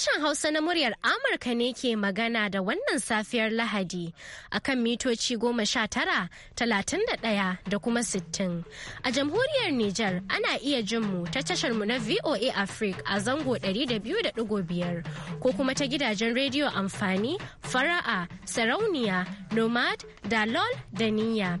Sashen Hausa na muryar Amurka ne ke magana da wannan safiyar Lahadi a kan mitoci goma sha tara, talatin da ɗaya da kuma sittin. A jamhuriyar Nijar ana iya jin mu ta tashar mu na VOA Africa a zango da da biyu biyar ko kuma ta gidajen rediyo amfani, fara'a, sarauniya, nomad, dalol da niyya.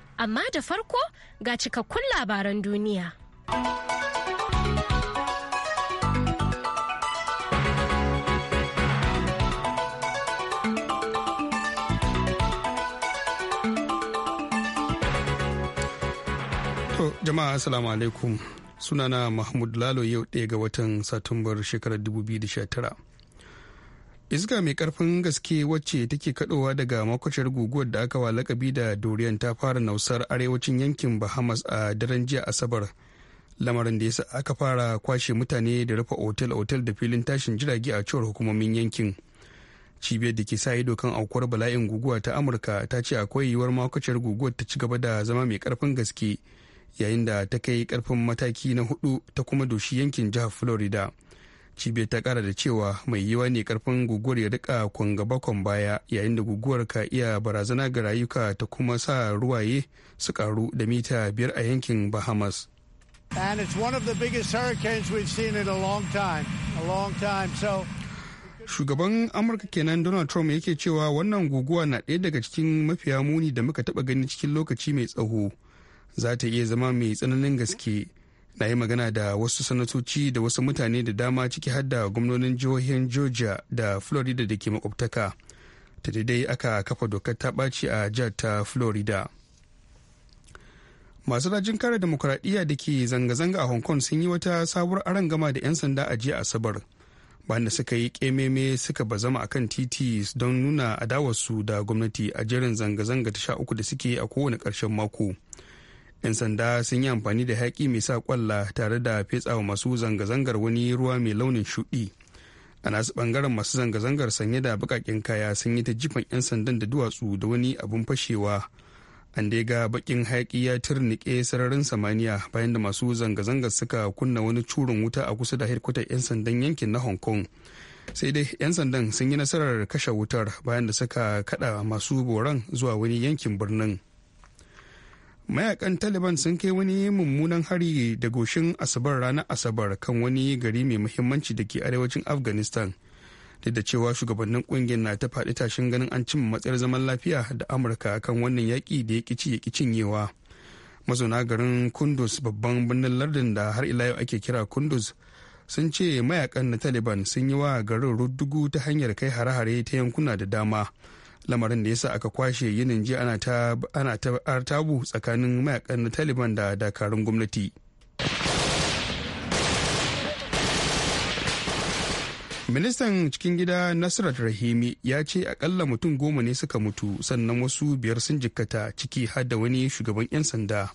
amma da farko ga cikakkun labaran duniya. jama'a assalamu alaikum sunana mahmud lalo yau ɗaya ga watan satumbar shekarar 2019 iska mai karfin gaske wacce take kadowa daga makwacin guguwar da aka wa lakabi da dorian ta fara nausar arewacin yankin bahamas a daren jiya asabar lamarin da yasa aka fara kwashe mutane da rufe otel-otel da filin tashin jirage a cewar hukumomin yankin cibiyar da ke sa ido kan aukuwar bala'in guguwa ta amurka ta ce akwai yiwuwar makwacin guguwar ta ci gaba da zama mai karfin gaske yayin da ta kai karfin mataki na hudu ta kuma doshi yankin jihar florida cibiyar ta kara da cewa mai yiwa ne karfin guguwar ya rika kwanga bakon baya yayin da guguwar ka iya barazana ga rayuka ta kuma sa ruwaye su karu da mita biyar a yankin bahamas shugaban amurka kenan donald trump yake cewa wannan guguwa na ɗaya daga cikin mafiya muni da muka taɓa gani cikin lokaci mai tsaho za ta iya zama mai tsananin gaske na yi magana da wasu sanatoci da wasu mutane da dama ciki har da gwamnonin jihohin georgia da florida da ke makwabtaka ta daidai aka kafa dokar ta ɓaci a jihar ta florida masu rajin kare demokuraɗiyya da ke zanga-zanga a hong kong sun yi wata sabuwar arangama da 'yan sanda a jiya asabar bayan da suka yi kememe suka bazama a kan titi don nuna adawarsu da gwamnati a jerin zanga-zanga ta sha uku da suke a kowane ƙarshen mako. 'yan sanda sun yi amfani da haƙi mai sa kwalla tare da fetsawa masu zanga-zangar wani ruwa mai launin shuɗi a nasu ɓangaren masu zanga-zangar sanye da baƙaƙen kaya sun yi ta jifan 'yan sandan da duwatsu da wani abun fashewa an dai ga baƙin haƙi ya turnike sararin samaniya bayan da masu zanga-zangar suka kunna wani curin wuta a kusa da hirkutar 'yan sandan yankin na hong kong sai dai 'yan sandan sun yi nasarar kashe wutar bayan da suka kaɗa masu boran zuwa wani yankin birnin. mayakan taliban sun kai wani mummunan hari da goshin asabar ranar asabar kan wani gari mai muhimmanci da ke arewacin afghanistan duk da cewa shugabannin kungiyar na ta faɗi tashin ganin an cimma matsayar zaman lafiya da amurka kan wannan yaƙi da ya ƙici ya cinyewa mazauna garin kundus babban birnin lardin da har ila yau ake kira kundus sun ce mayakan na taliban sun yi wa garin ruddugu ta hanyar kai hare-hare ta yankuna da dama lamarin da yasa aka kwashe yinin ji ana ta artabu tsakanin mayakan na taliban da dakarun gwamnati ministan cikin gida nasirat rahimi ya ce akalla mutum goma ne suka mutu sannan wasu biyar sun jikkata ciki har da wani shugaban 'yan sanda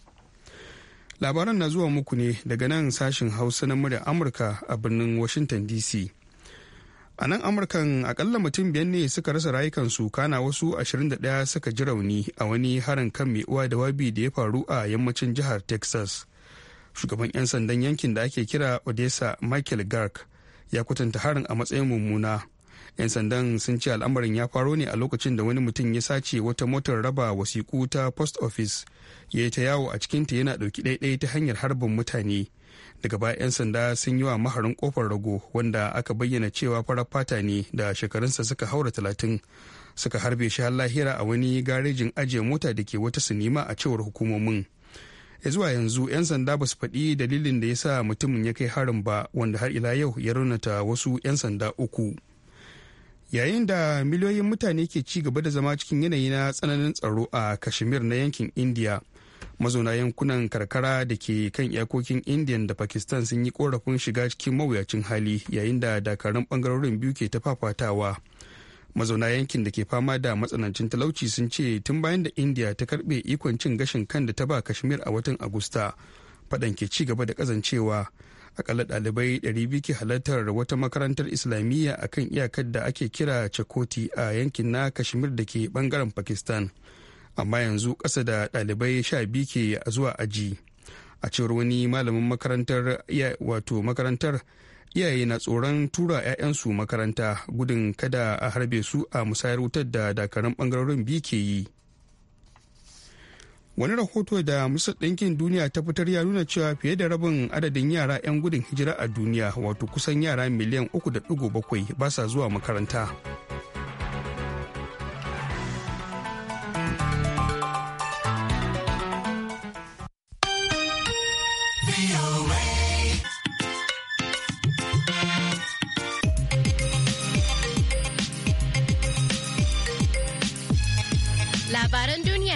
labaran na zuwa muku ne daga nan sashen hausa na murya amurka a birnin washington dc a nan amurkan akalla mutum biyan ne suka rasa rayukansu kana wasu 21 suka ji rauni a wani harin kan mai uwa da wabi da ya faru a yammacin jihar texas shugaban 'yan sandan yankin da ake kira odessa michael gark ya kwatanta harin a matsayin mummuna 'yan sandan sun ce al'amarin ya faro ne a lokacin da wani mutum ya sace wata motar raba wasiku ta post office ya yi ta yawo a cikinta yana ɗauki ɗaiɗai ta hanyar harbin mutane daga baya 'yan sanda sun yi wa maharin kofar rago wanda aka bayyana cewa farar fata ne da shekarunsa suka haura talatin suka harbe shi har lahira a wani garejin ajiye mota da ke wata sinima a cewar hukumomin ya zuwa yanzu 'yan sanda ba su faɗi dalilin da ya sa mutumin ya kai harin ba wanda har ila yau ya raunata wasu 'yan sanda uku yayin da miliyoyin mutane ke ci gaba da zama cikin yanayi na tsananin tsaro a kashmir na yankin india mazauna yankunan karkara da ke kan iyakokin indian da pakistan sun yi korafin shiga cikin mawuyacin hali yayin da dakarun bangarorin biyu ke ta fafatawa mazauna yankin da ke fama da matsanancin talauci sun ce tun bayan da india ta karbe ikon cin gashin kan da ta ba kashmir a watan agusta faɗan ke ci gaba da kazancewa akalla ɗalibai 200 ke halartar wata makarantar islamiyya a kan iyakar da ake kira chakoti a yankin na kashmir da ke bangaren pakistan amma yanzu ƙasa da ɗalibai sha biyu ke zuwa aji a cewar wani malamin makarantar wato makarantar iyaye na tsoron tura 'ya'yansu makaranta gudun kada a harbe su a musayar wutar da dakarun bangarorin biyu ke yi wani rahoto da musa ɗinkin duniya ta fitar ya nuna cewa fiye da rabin adadin yara 'yan gudun hijira a duniya wato kusan yara miliyan 3.7 ba sa zuwa makaranta.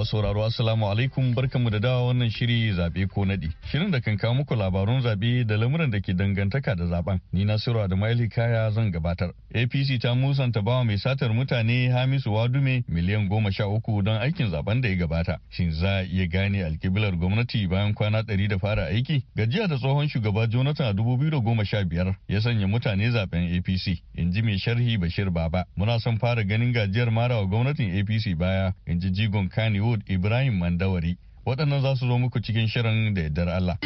Masu sauraro Assalamu alaikum barkamu da dawa wannan shiri zabe ko nadi. Shirin da kan kawo muku labarun zabe da lamuran da ke dangantaka da zaben. Ni da maili Kaya zan gabatar. APC ta musanta bawa mai satar mutane Hamisu Wadume miliyan goma sha uku don aikin zaben da ya gabata. Shin za a iya gane alkiblar gwamnati bayan kwana ɗari da fara aiki? Gajiya da tsohon shugaba Jonathan a dubu biyu da goma sha biyar ya sanya mutane zaben APC. In ji mai sharhi Bashir Baba. Muna son fara ganin gajiyar mara wa gwamnatin APC baya. In ji jigon Kaniwo Mahmud Ibrahim Mandawari. Waɗannan za su zo muku cikin shirin da yardar Allah.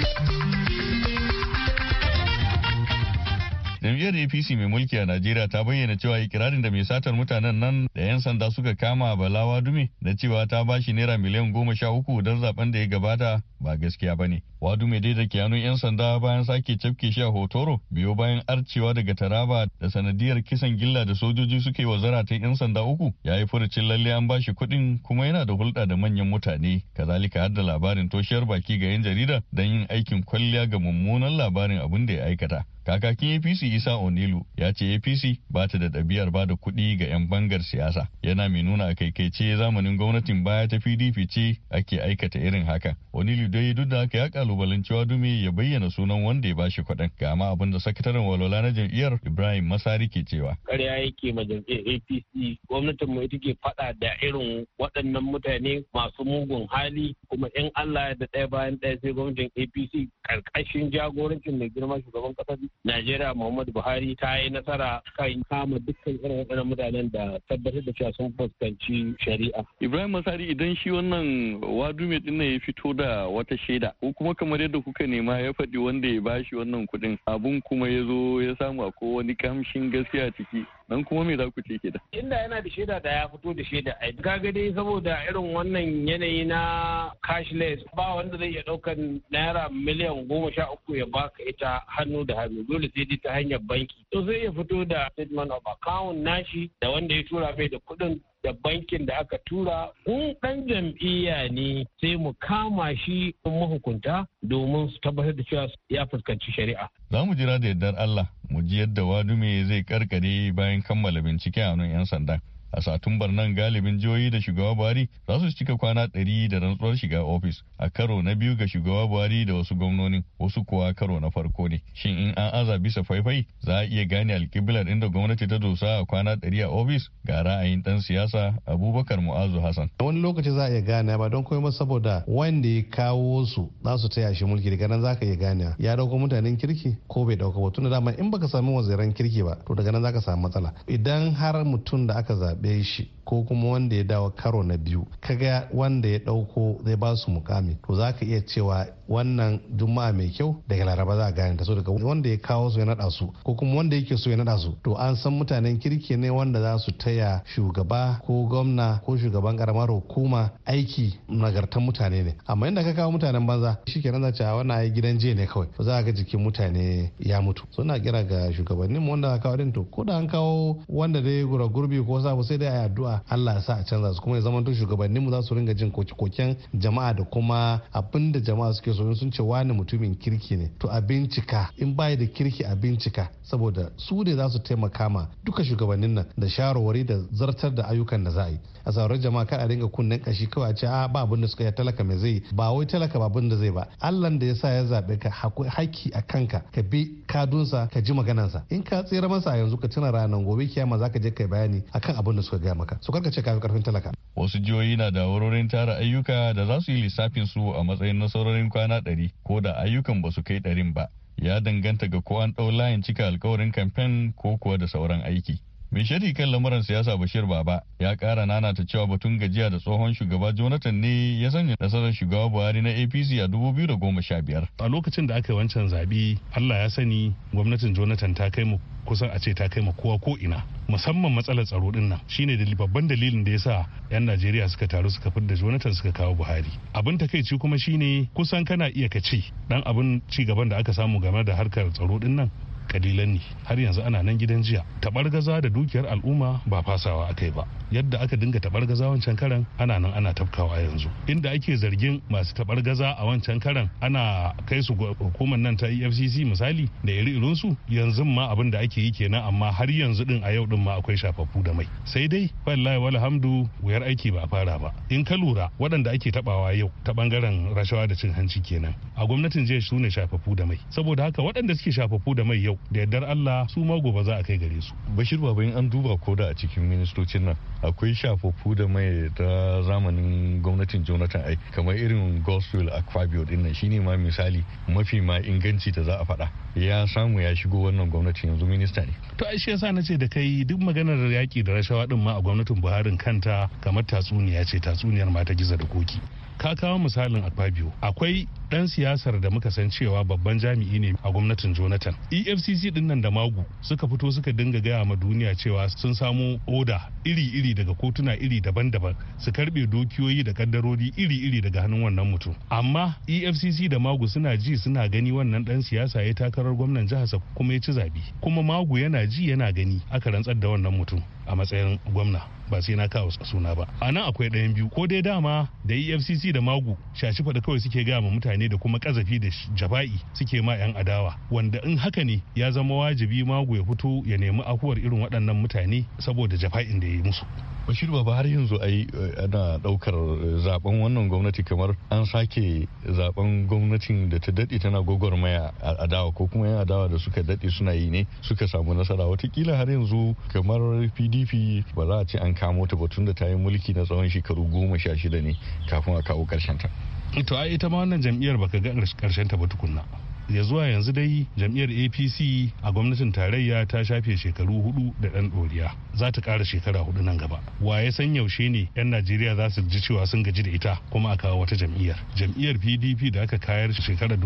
jam'iyyar apc mai mulki a najeriya ta bayyana cewa ikirarin da mai satar mutanen nan da 'yan sanda suka kama a balawa dume na cewa ta ba shi naira miliyan goma sha uku don zaben da ya gabata ba gaskiya ba ne wadume dai da ke 'yan sanda bayan sake cafke shi a hotoro biyo bayan arcewa daga taraba da sanadiyar kisan gilla da sojoji suke wa zaratan 'yan sanda uku ya yi furucin lalle an ba shi kuɗin kuma yana da hulɗa da manyan mutane kazalika har da labarin toshiyar baki ga 'yan jarida don yin aikin kwalliya ga mummunan labarin abin da ya aikata Kakakin APC Isa Onilu ya ce APC ba ta da ɗabi'ar ba da kuɗi ga 'yan bangar siyasa. Yana mai nuna a kaikaice zamanin gwamnatin baya ta PDP ce ake aikata irin haka. Onilu dai duk da haka ya kalubalanci Wadume ya bayyana sunan wanda ya bashi kuɗin. Ga ma abin da sakataren walwala na jam'iyyar Ibrahim Masari ke cewa. Ƙarya yake ma jam'iyyar APC gwamnatin mu ita ke faɗa da irin waɗannan mutane masu mugun hali kuma in Allah da ɗaya bayan ɗaya sai gwamnatin APC ƙarƙashin jagorancin mai girma shugaban ƙasar Najeriya Muhammadu Buhari ta yi nasara kan kama dukkan irin waɗannan mutanen da tabbatar da cewa sun fuskanci shari'a. Ibrahim Masari idan shi wannan wadu mai din ya fito da wata shaida ko kuma kamar yadda kuka nema ya faɗi wanda ya bashi wannan kuɗin abun kuma ya zo ya samu ko wani kamshin gaskiya ciki nan kuma me za ku ce ke da. Inda yana da shaida da ya fito da shaida a ga dai saboda irin wannan yanayi na cashless ba wanda zai iya ɗaukan naira miliyan goma sha uku ya baka ita hannu da hannu. dole sai dai ta hanyar banki to sai ya fito da statement of account nashi da wanda ya tura bai da kuɗin da bankin da aka tura in ɗan jam'iyya ne sai mu kama shi mahukunta domin su tabbatar da cewa ya fuskanci shari'a. Za mu jira da yardar Allah mu ji yadda wadume zai karkare bayan kammala bincike a nan 'yan sanda. a satumbar nan galibin jihohi da shugaba buhari za su cika kwana ɗari da rantsuwar shiga ofis a karo na biyu ga shugaba buhari da wasu gwamnonin wasu kuwa karo na farko ne shin in an aza bisa faifai za a iya gane alkiblar inda gwamnati ta dosa a kwana ɗari a ofis ga ra'ayin ɗan siyasa abubakar mu'azu hassan wani lokaci za a iya gane ba don kuma saboda wanda ya kawo su za su taya shi mulki daga nan za ka iya gane ya dauko mutanen kirki ko bai dauka ba tunda dama in baka sami waziran kirki ba to daga nan za ka samu matsala idan har mutum da aka zaɓi Deixe ko kuma wanda ya dawo karo na biyu kaga wanda ya dauko zai ba su mukami to za ka iya cewa wannan juma'a mai kyau daga laraba za a gane ta so daga wanda ya kawo su ya nada su ko kuma wanda yake so ya nada su to an san mutanen kirki ne wanda za su taya shugaba ko gwamna ko shugaban karamar hukuma aiki nagartan mutane ne amma inda ka kawo mutanen banza shikenan za ce wannan ai gidan jiya ne kawai za ga jikin mutane ya mutu suna kira ga shugabannin mu wanda ka kawo din to ko da an kawo wanda dai gura gurbi ko sabu sai dai a addu'a Allah ya sa a canza su kuma ya zama duk shugabannin mu za su ringa jin koken jama'a da kuma abin da jama'a suke so sun ce wani mutumin kirki ne to a bincika in baya da kirki a bincika saboda su ne za su taimaka ma duka shugabannin nan da shawarwari da zartar da ayyukan da za a yi a sauran jama'a kada a ringa kunnen kashi kawai a ce a ba abin da suka yi talaka mai zai ba wai talaka ba abin da zai ba Allah da ya sa ya zabe ka haki a kanka ka bi kadunsa ka ji maganansa in ka tsira masa yanzu ka tuna ranar gobe kiyama za ka je kai bayani akan abin da suka gaya maka su karkace kafin karfin talaka. Wasu jihohi na da wurorin tara ayyuka da za su yi lissafin su a matsayin nasarorin kwana ɗari ko da ayyukan ba su kai ɗarin ba. Ya danganta ga ko an ɗau layin cika alkawarin kamfen ko kuwa da sauran aiki. Mai shadi kan lamuran siyasa Bashir Baba ya ƙara nana ta cewa batun gajiya da tsohon shugaba Jonathan ne ya sanya nasarar shugaba Buhari na APC a dubu biyu da goma sha biyar. A lokacin da aka yi wancan zaɓe, Allah ya sani gwamnatin Jonathan ta kai mu kusan a ce ta kai ma kowa ko ina musamman matsalar tsaro din nan shine da babban dalilin da yasa yan Najeriya suka taru suka fidda Jonathan suka kawo Buhari abin takeici kuma shine kusan kana iya ka ce dan abin ci gaban da aka samu game da harkar tsaro din nan kalilan ne har yanzu ana nan gidan jiya tabargaza da dukiyar al'umma ba fasawa akai ba yadda aka dinga tabargaza wancan karan ana nan ana tafkawa yanzu inda ake zargin masu tabargaza a wancan karan ana kai su hukumar nan ta EFCC misali da iri irin su yanzu ma abin da ake yi kenan amma har yanzu din a yau din ma akwai shafaffu da mai sai dai wallahi walhamdu wuyar aiki ba fara ba in ka lura waɗanda ake tabawa yau ta bangaren rashawa da cin hanci kenan a gwamnatin jiya su ne shafaffu da mai saboda haka waɗanda suke shafaffu da mai yau da yardar Allah su ma gobe za a kai gare su. Bashir baba in an duba ko da a cikin ministocin nan akwai shafaffu da mai ta zamanin gwamnatin Jonathan ai kamar irin Gospel Aquabio din nan shine ma misali mafi ma inganci da za a faɗa. Ya samu ya shigo wannan gwamnatin yanzu minista ne. To ai shi yasa na ce da kai duk maganar yaki da rashawa din ma a gwamnatin Buhari kanta kamar tatsuniya ce tatsuniyar mata gizo da koki. ka kawo misalin akpabio akwai dan siyasar da muka san cewa babban jami'i ne a gwamnatin jonathan efcc din nan da magu suka fito suka dinga gaya ma duniya cewa sun samu oda iri-iri daga kotuna iri daban-daban su karbe dokiyoyi da kaddarori iri-iri daga hannun wannan mutum amma efcc da magu suna ji suna gani wannan dan siyasa ya takarar gwamnan jihar kuma ya ci zabi kuma magu yana ji yana gani aka rantsar da wannan mutum a matsayin gwamna ba sai na kawo suna ba a nan akwai ɗayan biyu ko dai dama da efcc da magu shashi faɗa kawai suke gaya ma mutane da kuma ƙazafi da jaba'i suke ma 'yan adawa wanda in haka ne ya zama wajibi magu ya fito ya nemi afuwar irin waɗannan mutane saboda jaba'in da ya yi musu bashir baba har yanzu ai eh, ana daukar eh, zaben wannan gwamnati kamar an sake zaben gwamnatin da ta dade tana gwagwarmaya a adawa ko kuma yan adawa da suka dade suna yi ne suka samu nasara watakila har yanzu kamar pd. pdp ba za a ce an kamo ta ba tun da ta yi mulki na tsawon shekaru goma sha shida ne kafin a kawo karshen ta ita ai ita ma wannan jam'iyyar baka ga karshen ta ba tukunna ya zuwa yanzu dai jam'iyyar apc a gwamnatin tarayya ta shafe shekaru hudu da ɗan ɗoriya za ta ƙara shekara hudu nan gaba wa ya san yaushe ne 'yan najeriya za su ji cewa sun gaji da ita kuma a kawo wata jam'iyyar jam'iyyar pdp da aka kayar shekarar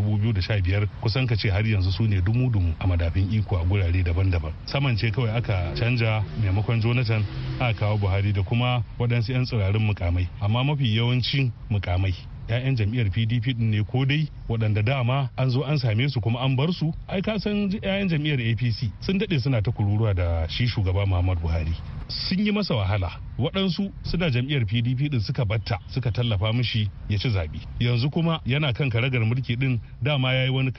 biyar kusan ka ce har yanzu su ne dumu-dumu a madafin iko a gurare daban-daban saman ce kawai aka canja maimakon jonathan aka kawo buhari da kuma waɗansu 'yan tsirarin mukamai amma mafi yawancin mukamai 'ya'yan jam'iyyar pdp din ne ko dai waɗanda dama an zo an same su kuma an bar su ai ka san 'ya'yan jam'iyyar apc sun daɗe suna ta kururuwa da shi shugaba muhammadu buhari sun yi masa wahala waɗansu suna jam'iyyar pdp din suka batta suka tallafa mishi ya ci zaɓe yanzu kuma yana kan karagar mulki ɗin dama ya yi wani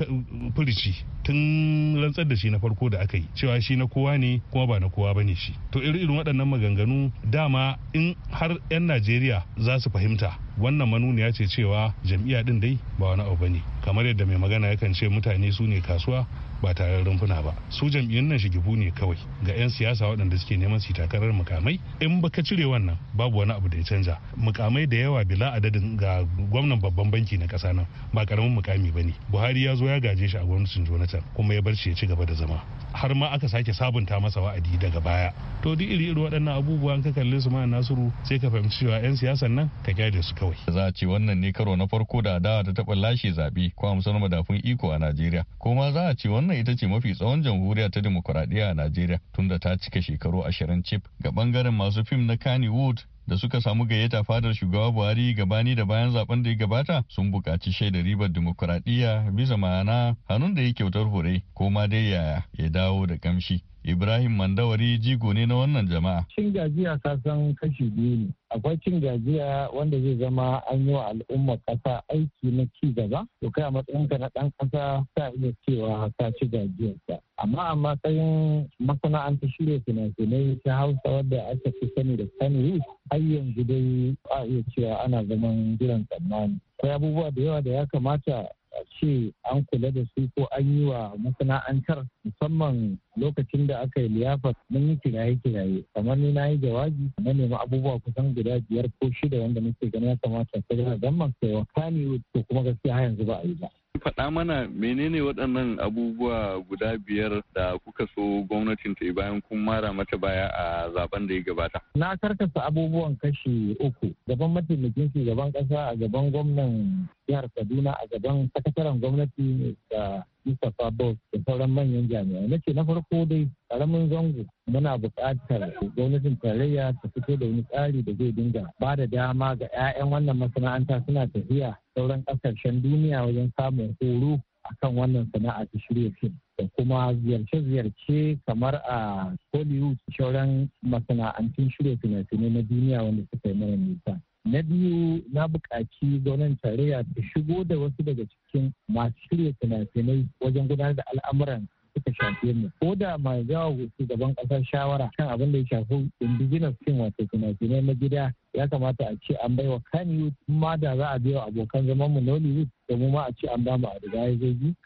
furici tun rantsar da shi na farko da aka yi cewa shi na kowa ne kuma ba na kowa ba ne shi to iri irin waɗannan maganganu dama in har 'yan najeriya za su fahimta wannan manuniya ce cewa jam'iyya din dai ba wani abu ne kamar yadda mai magana yakan ce mutane su ne kasuwa ba tare da rumfuna ba su jam'iyyun nan shigibu ne kawai ga 'yan siyasa waɗanda suke neman su takarar mukamai in baka cire wannan babu wani abu da ya canza mukamai da yawa bila adadin ga gwamnan babban banki na kasa nan ba karamin mukami ba ne buhari ya zo ya gaje shi a gwamnatin jonathan kuma ya bar shi ya ci gaba da zama har ma aka sake sabunta masa wa'adi daga baya to duk iri iri waɗannan abubuwa an ka kalli su ma nasiru sai ka fahimci cewa yan siyasan nan ka gyara su kawai za a ce wannan ne karo na farko da adawa ta taɓa lashe zaɓe ko amsar madafun iko a najeriya kuma za a ce wannan ita ce mafi tsawon jamhuriya ta dimokuraɗiyya a najeriya tunda ta cika shekaru ashirin cif ga bangaren masu fim na Kannywood da suka samu gayyata fadar shugaba Buhari gabani da bayan zaben da ya gabata sun buƙaci shaidar ribar dimokuraɗiyya bisa ma'ana hannun da ya kyautar hore ko ma dai yaya ya dawo da kamshi. Ibrahim Mandawari jigo ne na wannan jama'a. Cin gajiya kasan kashi biyu ne. Akwai cin gajiya wanda zai zama an yi wa al'umma ƙasa aiki na ci gaba, to kai a matsayinka na ɗan kasa ta iya cewa ka ci gajiyarsa. Amma a matsayin masana'anta shirya finafinai finai ta Hausa wadda aka fi sani da sani, har yanzu dai a iya cewa ana zaman jiran tsammani. Akwai abubuwa da yawa da ya kamata ce an kula da su ko an yi wa masana'antar musamman lokacin da aka yi liyafar mun yi kiraye-kiraye kamar ni na yi jawabi na nemi abubuwa kusan guda biyar ko shida wanda muke ganin ya kamata su gana don masu yawa kani to kuma gaskiya har yanzu ba a yi ba faɗa mana menene waɗannan abubuwa guda biyar da kuka so gwamnatin ta yi bayan kun mara mata baya a zaben da ya gabata. Na karkasa abubuwan kashi uku gaban mataimakin shugaban ƙasa a gaban gwamnan jihar Kaduna a gaban sakataren gwamnati da Mustapha Bob da sauran manyan jami'ai. Na ce na farko dai karamin zango muna buƙatar gwamnatin tarayya ta fito da wani tsari da zai dinga ba da dama ga 'ya'yan wannan masana'anta suna tafiya sauran ƙasashen duniya wajen samun horo akan wannan sana'a ta shirya fim da kuma ziyarce-ziyarce kamar a Hollywood sauran masana'antun shirya fina-finai na duniya wanda suka yi mara nisa. na biyu na buƙaci gwamnatin tarayya ta shigo da wasu daga cikin masu shirya fina-finai wajen gudanar da al'amuran suka shafe mu ko da ma wasu gaban ƙasar shawara kan abin da ya shafi indigenous cin wato fina-finai na gida ya kamata a ce an baiwa kan ma da za a biya abokan zaman mu nollywood da mu ma a ce an ba mu a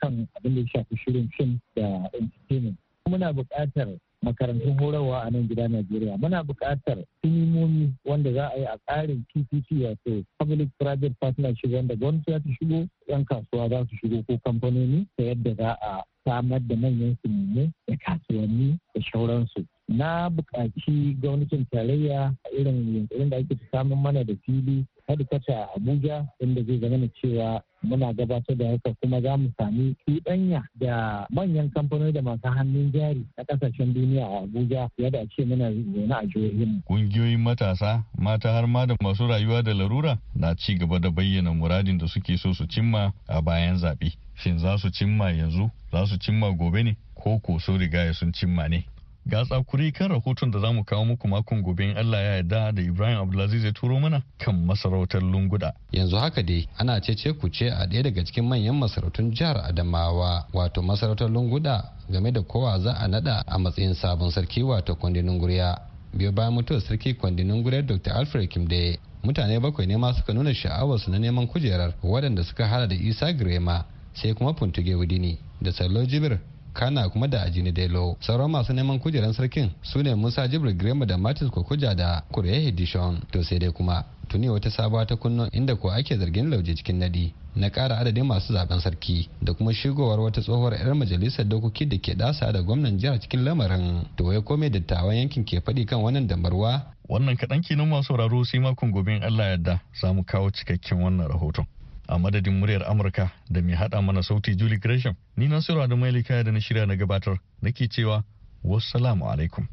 kan abin da ya shafi shirin fim da entertainment muna buƙatar makarantun horarwa a nan gida Najeriya. Muna buƙatar sinimomi wanda za a yi a tsarin PPP wato Public Private Partnership wanda gwamnati za ta shigo, 'yan kasuwa za su shigo ko kamfanoni ta yadda za a samar da manyan sinimai da kasuwanni da shauransu. na buƙaci gwamnatin tarayya a irin yunkurin da ake samun mana da fili a abuja inda zai zama cewa muna gabatar da haka kuma za mu sami cuɗanya da manyan kamfanoni da masu hannun jari na ƙasashen duniya a Abuja fiye da ce muna zaune a jihohin. Ƙungiyoyin matasa, mata har ma da masu rayuwa da larura na ci gaba da bayyana muradin da suke so su cimma a bayan zaɓe. Shin za su cimma yanzu? Za su cimma gobe ne? Ko ko sun ya sun cimma ne? ga tsakuri kan rahoton da zamu kawo muku makon gobe in Allah ya yarda da Ibrahim Abdulaziz ya turo mana kan masarautar Lunguda. Yanzu haka dai ana ce ce ku ce a daya daga cikin manyan masarautun jihar Adamawa wato masarautar Lunguda game da kowa za a nada a matsayin sabon sarki wato kwandinin Nunguriya. Biyo bayan mutuwar sarki kwandinin Nunguriya Dr. Alfred Kimde mutane bakwai ne ma suka nuna su na neman kujerar waɗanda suka hada da Isa Grema sai kuma Puntuge Wudini da Sallo Jibir kana kuma da ajini delo sauran masu neman kujeran sarkin su ne musa jibril grema da martins kokuja da kuriya hedishon to sai dai kuma tuni wata sabuwa ta kunno inda ko ake zargin lauje cikin nadi na kara adadin masu zaben sarki da kuma shigowar wata tsohuwar 'yar majalisar dokoki da ke dasa da gwamnan jihar cikin lamarin to wai komai dattawan yankin ke faɗi kan wannan damarwa wannan kaɗan kenan masu sauraro sai makon gobe in allah yadda za mu kawo cikakken wannan rahoton a madadin muryar Amurka da mai haɗa mana sauti Julie Gresham. Ni na Nasiru da kaya da na shirya na gabatar nake cewa wassalamu alaikum.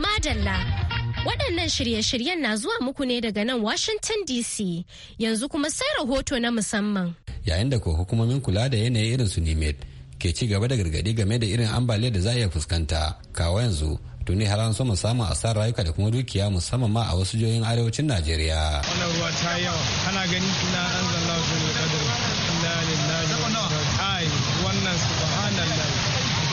Madalla waɗannan shirye-shiryen na zuwa muku ne daga nan Washington DC yanzu kuma sai rahoto na musamman. Yayin da ko hukumomin kula da yanayi irin su ke ci gaba da gargaɗi game da irin ambaliyar da za a iya fuskanta kawo yanzu tuni har an so samun asar rayuka da kuma dukiya musamman ma a wasu jihohin arewacin najeriya wannan ruwa ta yawa ana gani ina an zalla wajen kadar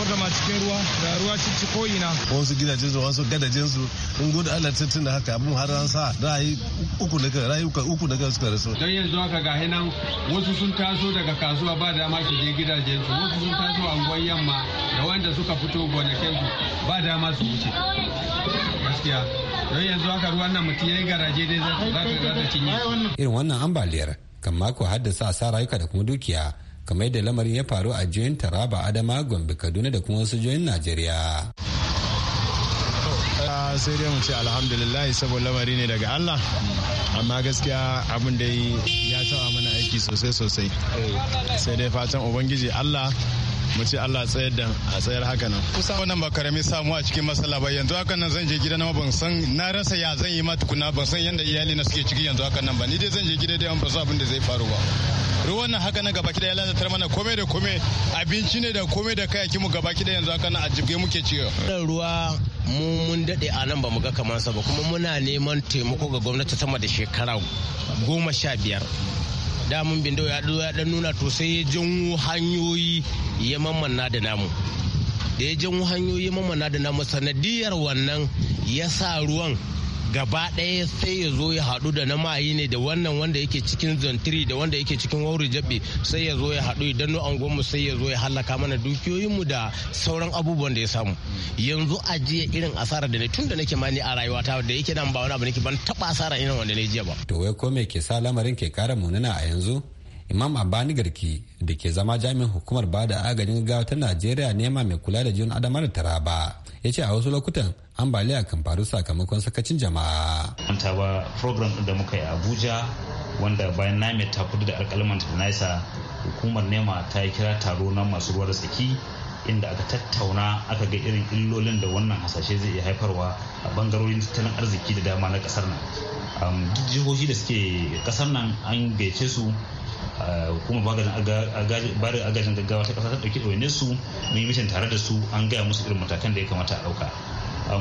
fagama cikin ruwa da ruwa cikin ko ina wasu gidajen su wasu gadajen su in gudu Allah tattun da haka abin har an sa ra'ayi uku daga rayu uku daga suka rasu don yanzu haka ga hinan wasu sun taso daga kasuwa ba dama su je gidajen su wasu sun taso a unguwar yamma da wanda suka fito gonakin su ba dama su wuce gaskiya don yanzu haka ruwan nan mutum ya yi garaje dai za ta cinye irin wannan ambaliyar kan mako haddasa sa rayuka da kuma dukiya kamar da lamarin ya faru a jiyoyin taraba adama gombe kaduna da kuma wasu jiyoyin najeriya ah, sai dai mu ce alhamdulillah saboda lamari ne daga allah amma gaskiya abin da ya taba mana aiki sosai sosai sai dai fatan ubangiji allah mu ce Allah tsayar da a tsayar haka nan. Kusa wannan ba karami samu a cikin masala ba yanzu haka nan zan je gida na ban san na rasa ya zan yi ma tukuna ban san yadda iyali na suke ciki yanzu haka nan ba ni dai zan je gida dai an ba abin da zai faru ba. ruwan nan haka nan gabaki daya lalatar mana komai da komai abinci ne da komai da kayaki mu gabaki da yanzu haka nan a jibge muke ciwo ruwa mu mun dade a nan bamu ga kaman sa ba kuma muna neman taimako ga gwamnati sama da shekara goma sha biyar da mun bindo ya dan nuna to sai ya janwo hanyoyi ya mamanna da namu da ya janwo hanyoyi mamanna da namu sanadiyar wannan ya sa ruwan gaba ɗaya sai ya zo ya haɗu da na mayi ne da wannan wanda yake cikin zantiri da wanda yake cikin wauri jabi sai ya zo ya haɗu idan no angonmu sai ya zo ya halaka mana dukiyoyinmu da sauran abubuwan da ya samu yanzu a irin asarar da ne tun da nake mani a rayuwata da yake nan ba wani abu nake ban taɓa asara irin wanda ne jiya ba to wai ko me ke sa lamarin ke kara munana a yanzu imam abani garki da ke zama jami'in hukumar ba da agajin gawa ta najeriya nema mai kula da adama adamar taraba ya ce a wasu lokutan ambaliya kan faru sakamakon sakacin jama'a mantawa program da muka yi abuja wanda bayan na mai takudu da alkalamanta da naisa hukumar nema ta yi kira taro na masu ruwa da tsaki inda aka tattauna aka ga irin illolin da wannan hasashe zai iya haifarwa a bangarorin tattalin arziki da dama na kasar nan duk jihohi da suke kasar nan an gaice su Eh, hukumar bada agajin gaggawa ta kasa ta dauki ɗaunin su mun yi mishin tare da su an gaya musu irin matakan da ya kamata a ɗauka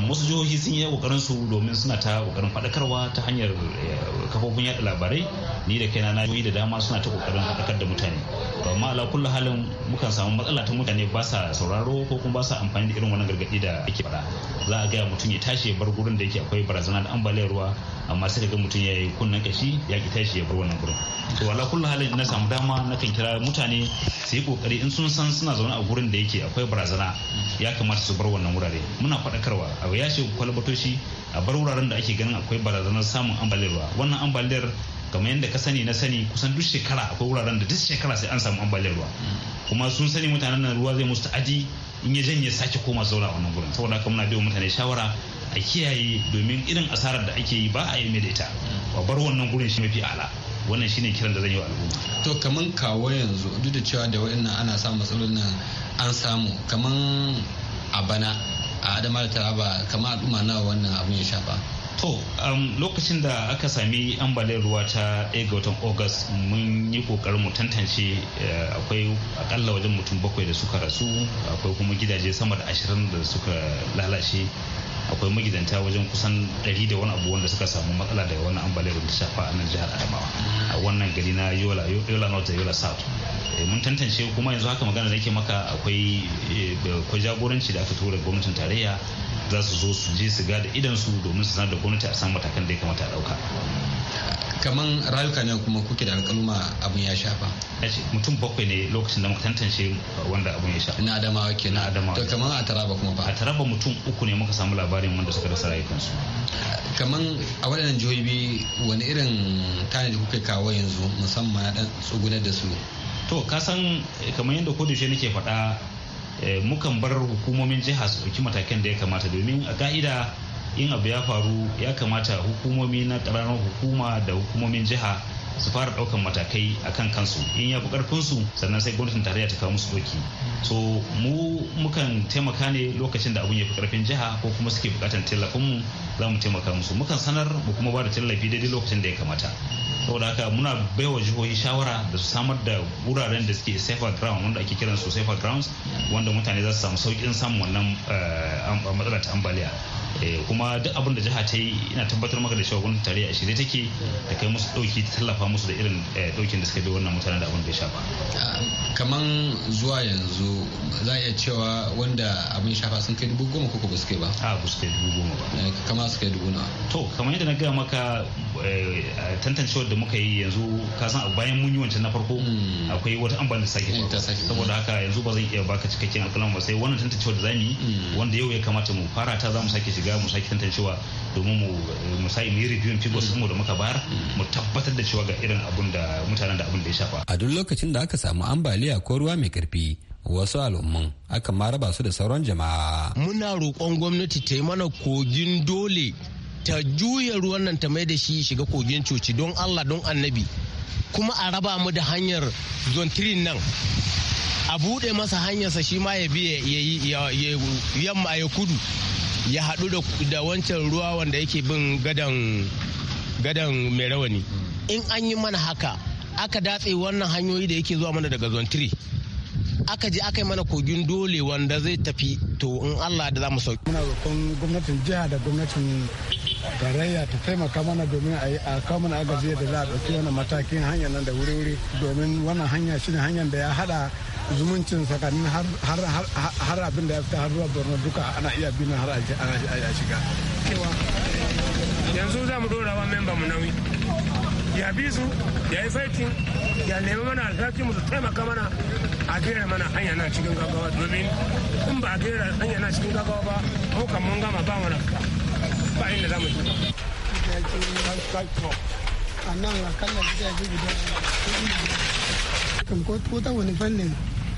wasu jihohi sun yi kokarin su domin suna ta kokarin faɗakarwa ta hanyar eh, kafofin yada labarai ni da kaina na yi da dama suna ta kokarin faɗakar da mutane amma ala kullu halin mukan samu matsala ta mutane ba sa sauraro ko kuma ba sa amfani da irin wannan gargadi da ake fara za a gaya mutum ya tashi ya bar gurin da yake akwai barazana da ambaliyar ruwa amma sai ga mutum ya yi kunnen kashi ya ki tashi ya bar wannan gurin to ala kullu halin na samu dama na kan kira mutane su yi kokari in sun san suna zaune a gurin da yake akwai barazana ya kamata su bar wannan wurare muna faɗakarwa a shi kwalbato shi a bar wuraren da ake ganin akwai barazanar samun ambaliyar ruwa wannan ambaliyar kamar yadda ka sani na sani kusan duk shekara akwai wuraren da duk shekara sai an samu ambaliyar ruwa kuma sun sani mutanen nan ruwa zai musu ta'adi in ya janye sake koma zaura a wannan gurin saboda haka muna biyo mutane shawara a kiyaye domin irin asarar da ake yi ba a yi mai da ita a bar wannan gurin shi mafi ala wannan shine kiran da zan yi wa al'umma to kamar kawo yanzu duk da cewa da wayannan ana samun matsalolin nan an samu kaman a bana a adama da taraba kamar al'umma na wannan abin ya shafa to um, lokacin da aka sami ambaliyar ruwa ta 1 ga watan august mun yi kokarin mu tantance eh, akwai akalla wajen mutum bakwai da suka rasu akwai kuma gidaje sama da ashirin da suka lalace akwai magidanta wajen kusan ɗari da wani abu wanda suka samu matsala da wannan ambaliyar da shafa a nan jihar adamawa a wannan gari na yola yola north da yola south Eh, mun tantance kuma yanzu haka magana da ke maka eh, akwai jagoranci da aka tura gwamnatin tarayya za su zo su je su gada idan su domin su sanar da gwamnati a san matakan da ya kamata a dauka kaman rayuka ne kuma kuke da alƙaluma abun ya shafa mutum bakwai ne lokacin da muka tantance wanda abun ya shafa na adamawa ke na adamawa to kaman a taraba kuma ba a taraba mutum uku ne muka samu labarin wanda suka rasa rayukansu kaman a waɗannan jihohi wani irin tanadi kuke kawo yanzu musamman na dan tsugunar da su to ka san eh, kamar yadda ko kodushe nake faɗa eh, mukan bar hukumomin jiha su ɗauki matakan da ya kamata domin a ka'ida in abu ya faru ya kamata hukumomi na ƙaranar hukuma da hukumomin jiha su fara ɗaukan matakai a kan kansu in ya fi ƙarfinsu sannan sai gwamnatin tarayya ta kawo musu doki so mu mukan taimaka ne lokacin da abun ya fi ƙarfin jiha ko kuma suke buƙatar tallafinmu za mu taimaka musu mukan sanar mu kuma ba da tallafi daidai lokacin da ya kamata saboda haka muna baiwa jihohi shawara da su samar da wuraren da suke safer ground wanda ake kiran su safer grounds wanda mutane za su samu saukin samun wannan eh, matsalar ta ambaliya Eh, kuma duk abin da jiha ta yi ina tabbatar maka da cewa tarayya a shirye take da kai musu dauki ta tallafa musu da irin daukin eh, da suka bi wannan mutanen da abin da ya shafa ah, kaman zuwa yanzu za iya cewa wanda abin shafa sun kai dubu goma ko ba su kai ba a ah, ba su kai dubu goma ba eh, kama su kai dubu na to kamar yadda na gaya maka tantancewar da muka yi yanzu ka san bayan mun yi wancan na farko hmm. akwai wata ambalin sake saboda haka yanzu ba zan iya baka cikakken alƙalam ba sai wannan tantancewar da zamu yi hmm. wanda yau ya kamata mu fara ta zamu sake shiga shiga mu sake tantancewa domin mu mu sai mu yi reviewing figures mu da muka bayar mu tabbatar da cewa ga irin abun da mutanen da abun da ya shafa a duk lokacin da aka samu ambaliya ko ruwa mai karfi wasu al'umman aka ma raba su da sauran jama'a muna roƙon gwamnati ta yi mana kogin dole ta juya ruwan nan ta mai da shi shiga kogin coci don allah don annabi kuma a raba mu da hanyar zontirin nan a buɗe masa hanyarsa shi ma ya biya ya yamma ya kudu ya haɗu da wancan ruwa wanda yake bin gadan gadan mai rawani in an yi mana haka aka datse wannan hanyoyi da yake zuwa mana daga zontiri aka je aka yi mana kogin dole wanda zai tafi to in allah da za mu sauki muna roƙon gwamnatin jiha da gwamnatin tarayya ta taimaka mana domin a yi a kawo mana agaji da za a ɗauki wannan matakin hanyar nan da wuri-wuri domin wannan hanya shine hanyar da ya hada zumuncin tsakanin har abin da ya fita har zuwa borno duka ana iya bin har a shiga yanzu za mu dora wa memba mu nauyi ya bi su ya yi fighting ya nemi mana alhaki mu su taimaka mana a gera mana hanya na cikin gaggawa domin in ba a gera hanya na cikin gaggawa ba mu kan mun gama ba mana ba inda za mu je a nan akalla gidaje guda ko ta wani fannin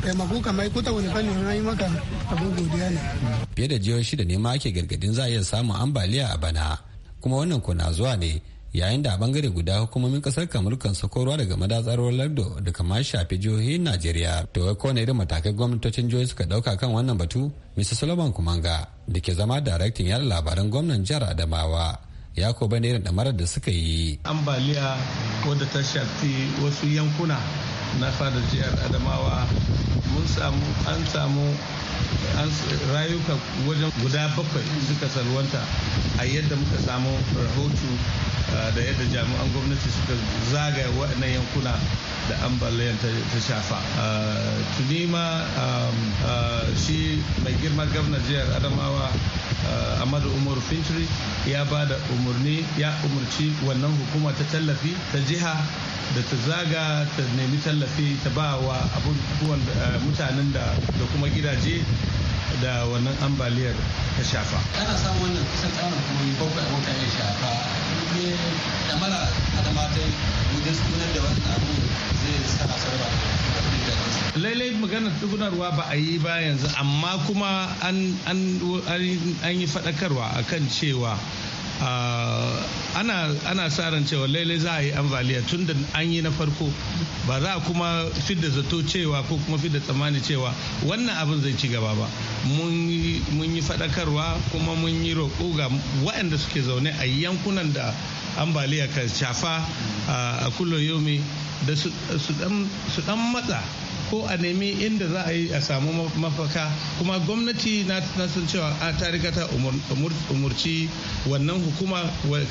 taimako kamar kuta wani fanni yi maka abin godiya Fiye da jihohi shida ne ma ake gargadin za a iya samun ambaliya a bana kuma wannan ko na zuwa ne yayin da a bangare guda hukumomin kasar kamar kan sakorwa daga madatsar lardo da kama shafi jihohin najeriya to wai kowane irin matakai gwamnatocin jihohi suka dauka kan wannan batu mr solomon kumanga da ke zama daraktan yada labaran gwamnan jihar adamawa ya ko bane irin damarar da suka yi ambaliya wadda ta shafi wasu yankuna na fadar jihar adamawa mun samu an samu rayuka wajen guda bakwai suka salwanta a yadda muka samu rahoto da yadda jami'an gwamnati suka zagaya waɗannan yankuna da ambaliyan ta shafa tuni ma shi mai girma gwamnan jihar adamawa Eh, amadu umar fintri ya ba da umarni ya umarci wannan hukuma ta tallafi ta jiha da ta zaga ta nemi tallafi ta ba wa abubuwan eh, mutanen da kuma gidaje da wannan ambaliyar ta shafa. Ana samun wannan kusan tsarin kuma bakwai a mutane ya shafa. Ne da mara adama ta wajen sunar da wannan abu zai sa a sarrafa. lailai magana tsugunarwa ba a yi ba yanzu amma kuma an yi faɗakarwa kan cewa ana sa ran cewa lailai za a yi ambaliya tun da an yi na farko ba za a kuma fidda zato cewa ko kuma fidda tsammani cewa wannan abin zai ci gaba ba mun yi fadakarwa kuma mun yi roƙo ga waɗanda suke zaune a yankunan da ambaliya ka shafa a kullum yomi da su dan matsa ko a nemi inda za a yi a samu mafaka kuma gwamnati na san cewa a ta riga ta umurci wannan hukuma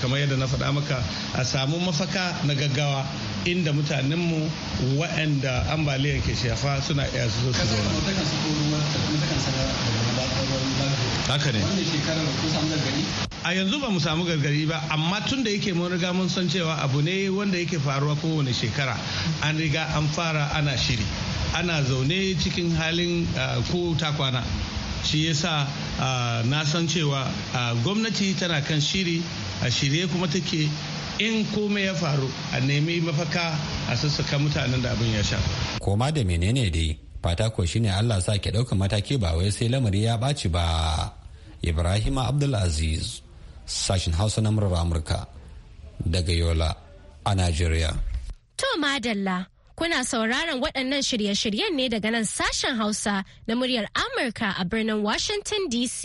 kamar yadda na faɗa maka a samu mafaka na gaggawa inda mutanenmu waɗanda ambaliyar ke shafa suna iya su zo su zauna. haka ne a yanzu ba mu samu gargari ba amma tun da yake mun riga mun san cewa abu ne wanda yake faruwa kowane shekara an riga an fara ana shiri ana zaune cikin halin ah, ko takwana kwana shi yasa ah, na san cewa ah, gwamnati tana kan shiri a shirye kuma take in komai ya faru a nemi mafaka a sassaka mutanen da abin ya sha koma da menene dai fata ko shine Allah sa ke ɗaukan mataki ba wai sai lamari ya ɓaci ba Ibrahim Abdulaziz sashin Hausa na murar Amurka daga Yola a Najeriya. To madalla kuna sauraron waɗannan shirye-shiryen ne daga nan sashen Hausa na muryar Amurka a birnin Washington DC.